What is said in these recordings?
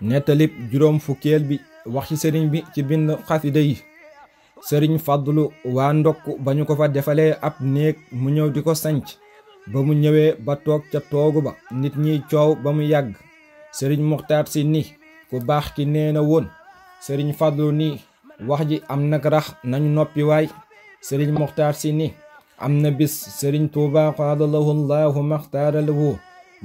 nettalib juróom fukkeel bi wax ci sëriñ bi ci bind xasida yi sëriñ fàddulu waa ndokk ba ñu ko fa defalee ab néeg mu ñëw di ko sanc ba mu ñëwee ba toog ca toogu ba nit ñiy coow ba mu yàgg sëriñ muxtaar si ni ku baax ki nee na woon sëriñ fàddulu nii wax ji am nag rax nañu noppi waay sëriñ muxtaar si ni am na bis sëriñ tuuba xaadalahu allahu maxtaaralahu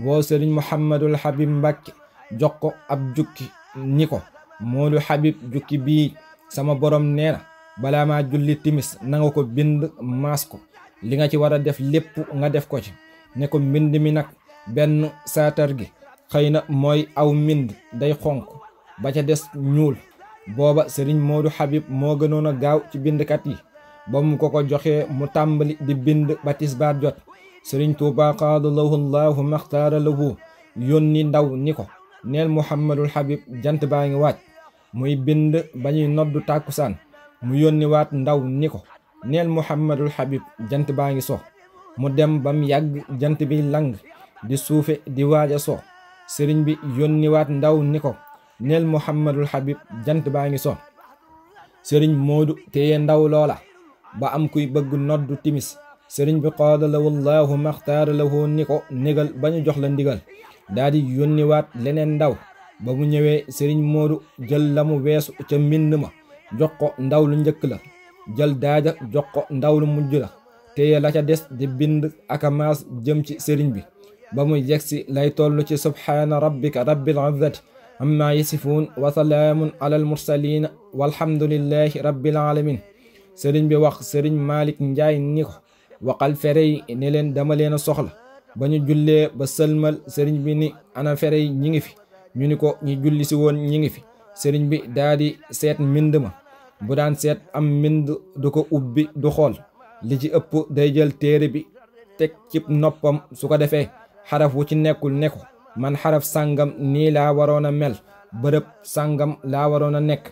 woo sëriñ muhammadul habib mbàkke jox ko ab jukki ni ko Moodu Habib jukki bii sama borom nee na balaa maa julli timis nanga ko bind maas ko li nga ci war a def lépp nga def ko ci ne ko mbind mi nag benn saatar gi xëy na mooy aw mbind day xonq ba ca des ñuul booba sëriñ Moodu Habib moo gënoon a gaaw ci bindkat yi ba mu ko ko joxee mu tàmbali di bind ba tisbaar jot sëriñ Tuubaa qaada lahu maxtaara lahu yónni ndaw ni ko neel muhammadul habib jant baa ngi waaj muy bind ba ñuy noddu tàkkusaan mu yónni ndaw ni ko neel muhammadul habib jant baa ngi so mu dem bam yàgg jant bi lang di suufe di waaj a so sëriñ bi yónni ndaw ni ko neel muhammadul habib jant baa ngi so sëriñ moodu téye ndaw loola ba am kuy bëgg noddu timis sëriñ bi qaala la wallahu maxtaara lahu ni ko négal ba ñu jox la ndigal daa di yónniwaat leneen ndaw ba mu ñëwee sëriñ moodu jël la mu weesu ca mbind ma jox ndaw lu njëkk la jël daaja jox ko ndaw lu mujj la téye la ca des di bind akamaas jëm ci sëriñ bi ba mu yegsi lay toll ci subhaana rabbika rabbil izzati amma yasifuun wa salaamun alal mursaliin walhamdulillahi rabbil alamin sëriñ bi wax sëriñ Malick Ndiaye ni ko waxal yi ne leen dama leen a soxla ba ñu jullee ba sëlmal sëriñ bi ni ana fere yi ñi ngi fi ñu ni ko ñi julli si woon ñi ngi fi sëriñ bi daa seet mbind ma bu daan seet am mbind du ko ubbi du xool li ci ëpp day jël téere bi teg cib noppam su ko defee xaraf wu ci nekkul ne ko man xaraf sàngam nii laa waroon a mel bërëb sàngam laa waroon a nekk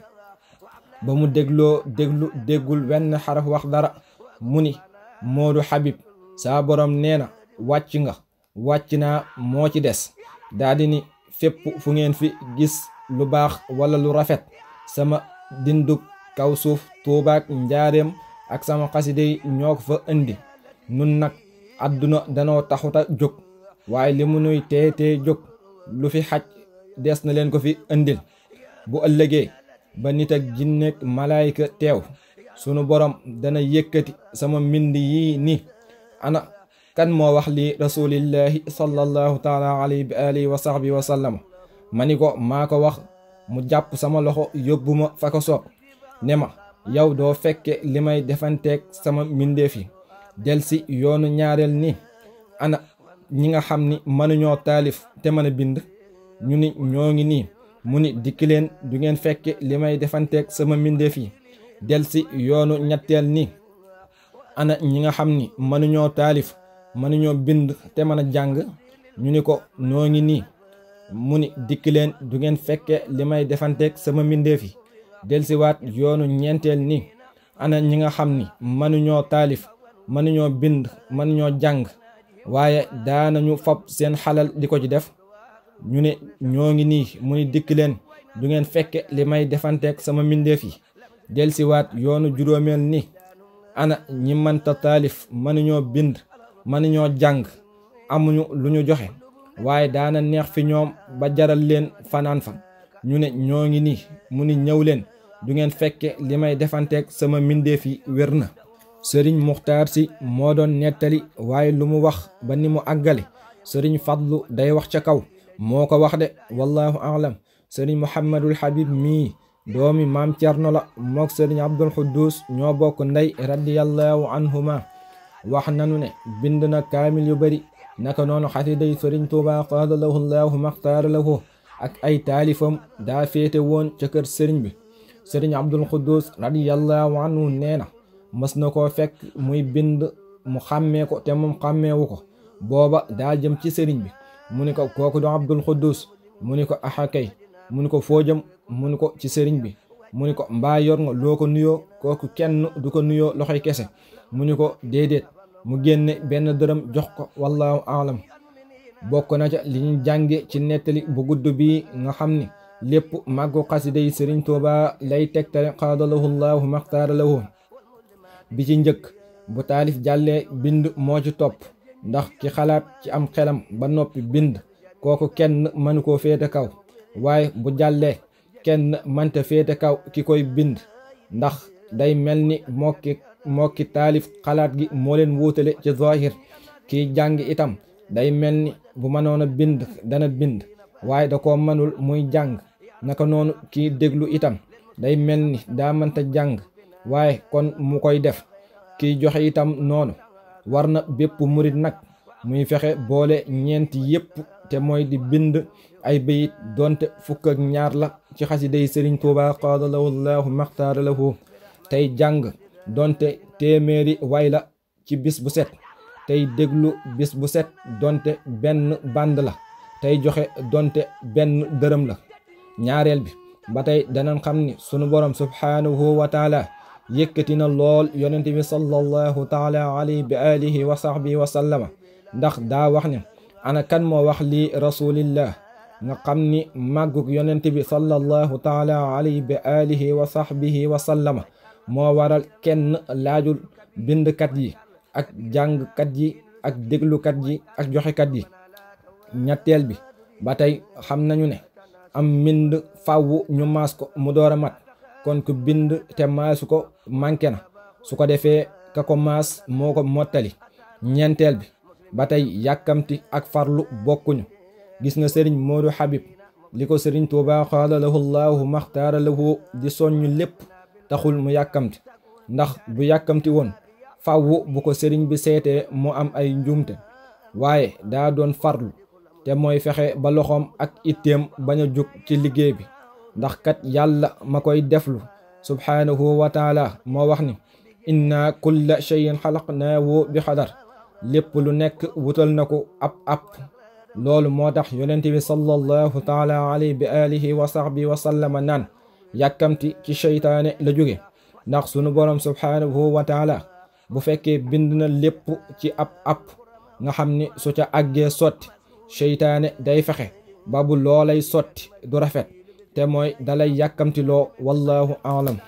ba mu dégloo déglu déggul wenn xaraf wax dara mu ni moodu xabib saa borom nee na wàcc nga wàcc naa moo ci des daldi ni fépp fu ngeen fi gis lu baax walla lu rafet sama dindug kaw suuf tuubaak njaareem ak sama xaside yi ñoo ko fa indi nun nag àdduna danoo taxuta jóg waaye li mu nuy tee tee jóg lu fi xaj des na leen ko fi indil bu ëllëgee ba nit ak jinneeg malaayka teew sunu borom dana yëkkati sama mbind yi ni ana kan moo wax li rasulillahi sallallahu taala alayhi bi alihi wa ma ni ko maa ko wax mu jàpp sama loxo yóbbu ma fa ko soob ne ma yow doo fekke li may defanteeg sama mbindeef yi del si yoonu ñaareel ni ana ñi nga xam ni mënuñoo taalif te mën a bind ñu ni ñoo ngi nii mu ni dikki du ngeen fekke li may defanteek sama mbindeef yi del si yoonu ñetteel ni ana ñi nga xam ni mënuñoo taalif mënuñoo bind te mën jàng ñu ni ko noo ngi nii mu ni dikk leen du ngeen fekke li may defanteeg sama mbindeef yi delsiwaat yoonu ñeenteel ni ana ñi nga xam ni mënuñoo taalif mënuñoo bind mënuñoo jàng waaye daanañu fab seen xalal di ko ci def ñu ne ñoo ngi nii mu ni dikk leen du ngeen fekke li may defanteek sama mbindeef yi delsiwaat yoonu juróomeel ni ana ñi mënta taalif mënuñoo bind mën ñoo jàng amuñu lu ñu joxe waaye daana neex fi ñoom ba jaral leen fanaan fa ñu ne ñoo ngi nii mu ni ñëw leen du ngeen fekke li may defanteeg sama mbindeef yi wér na sëriñ muxtaar si moo doon nettali waaye lu mu wax ba ni mu àggale sëriñ fadlu day wax ca kaw moo ko wax de wallahu alam sëriñ muhammadul habib mii doomi maam cerno la mook sëriñ abdul xuddus ñoo bokk ndey radiyallahu anhuma wax nanu ne bind na kaamil yu bari naka noonu xasiday sëriñ tuuba qaada lahu llahu maxtaara lahu ak ay taalifam daa féete woon ca kër sëriñ bi sëriñ abdul quddus radiallahu anhu nee na mës na koo fekk muy bind mu xàmmee ko te moom xàmmeewu ko booba daa jëm ci sëriñ bi mu ni ko kooku du abdul quddus mu ni ko axakay mu ni ko foo jëm mu ni ko ci sëriñ bi mu ni ko mbaayor yor nga loo ko nuyoo kooku kenn du ko nuyoo loxoy kese mu ni ko déedéet mu génne benn dërëm jox ko wallaahu aalam bokk na ca li ñu jànge ci nettali bu gudd bi nga xam ni lépp màggu xasida yi sëriñ Tuuba lay tegtale xaada lahu bi ci njëkk bu taalif jàllee bind moo ci topp ndax ki xalaat ci am xelam ba noppi bind kooku kenn mënu koo féete kaw waaye bu jàllee kenn mënta féete kaw ki koy bind ndax day mel ni mokki moo taalif xalaat gi moo leen wuutale ci zahir kii jàng itam day mel ni bu mënoon a bind dana bind waaye da ko mënul muy jàng naka noonu kii déglu itam day mel ni daa jàng waaye kon mu koy def kiy joxe itam noonu war na bépp murit nag muy fexe boole ñeenti yépp te mooy di bind ay bayit donte fukk ñaar la ci yi sëriñ Tuubaa qaada lahu llahu maxtaara lahu tey jàng donte téeméeri way la ci bis bu set tey déglu bis bu set donte benn band la tey joxe donte benn dërëm la ñaareel bi ba tey danañ xam ni sunu borom subhaanahu wa taala yëkkati na lool yonent bi sallallahu taala alayhi bi alihi wa sahbihi wa sallama ndax daa wax ne ana kan moo wax lii rasulillah nga xam ni màggug yonent bi sallallahu taala alayhi bi alihi wa sahbihi wa sallama moo waral kenn laajul bindkat yi ak jàngkat yi ak déglukat yi ak joxekat yi ñetteel bi ba tey xam nañu ne am mbind fàww ñu maas ko mu door a mat kon ku bind te maasu ko manqué na su ko defee ka ko maas moo ko mottali ñeenteel bi ba tey yàkkamti ak farlu bokkuñu gis nga sëriñ Modou Habib li ko sëriñ Tuubaa xaala lahu llaahu maxtaara lahu di soññ lépp taxul mu yàkkamti ndax bu yàkkamti woon fàww bu ko sëriñ bi seetee mu am ay njuumte waaye daa doon farlu te mooy fexe ba loxoom ak itteem bañ a jug ci liggéey bi ndax kat yàlla ma koy deflu subhaanahu wa taala moo wax ni inna kulla cheyin xalaqnaahu bi xadar lépp lu nekk wutal na ko ab ab loolu moo tax yonente bi sallallahu taala alayhi bi alihi wa sahbi wa sallama naan yàkkamti ci seytaane la jóge ndax sunu borom subhaanahu wa taala bu fekkee bind na lépp ci ab app nga xam ni su ca aggee sotti seytaane day fexe ba bu loolay sotti du rafet te mooy dalay yàkkamti loo wallaahu aalam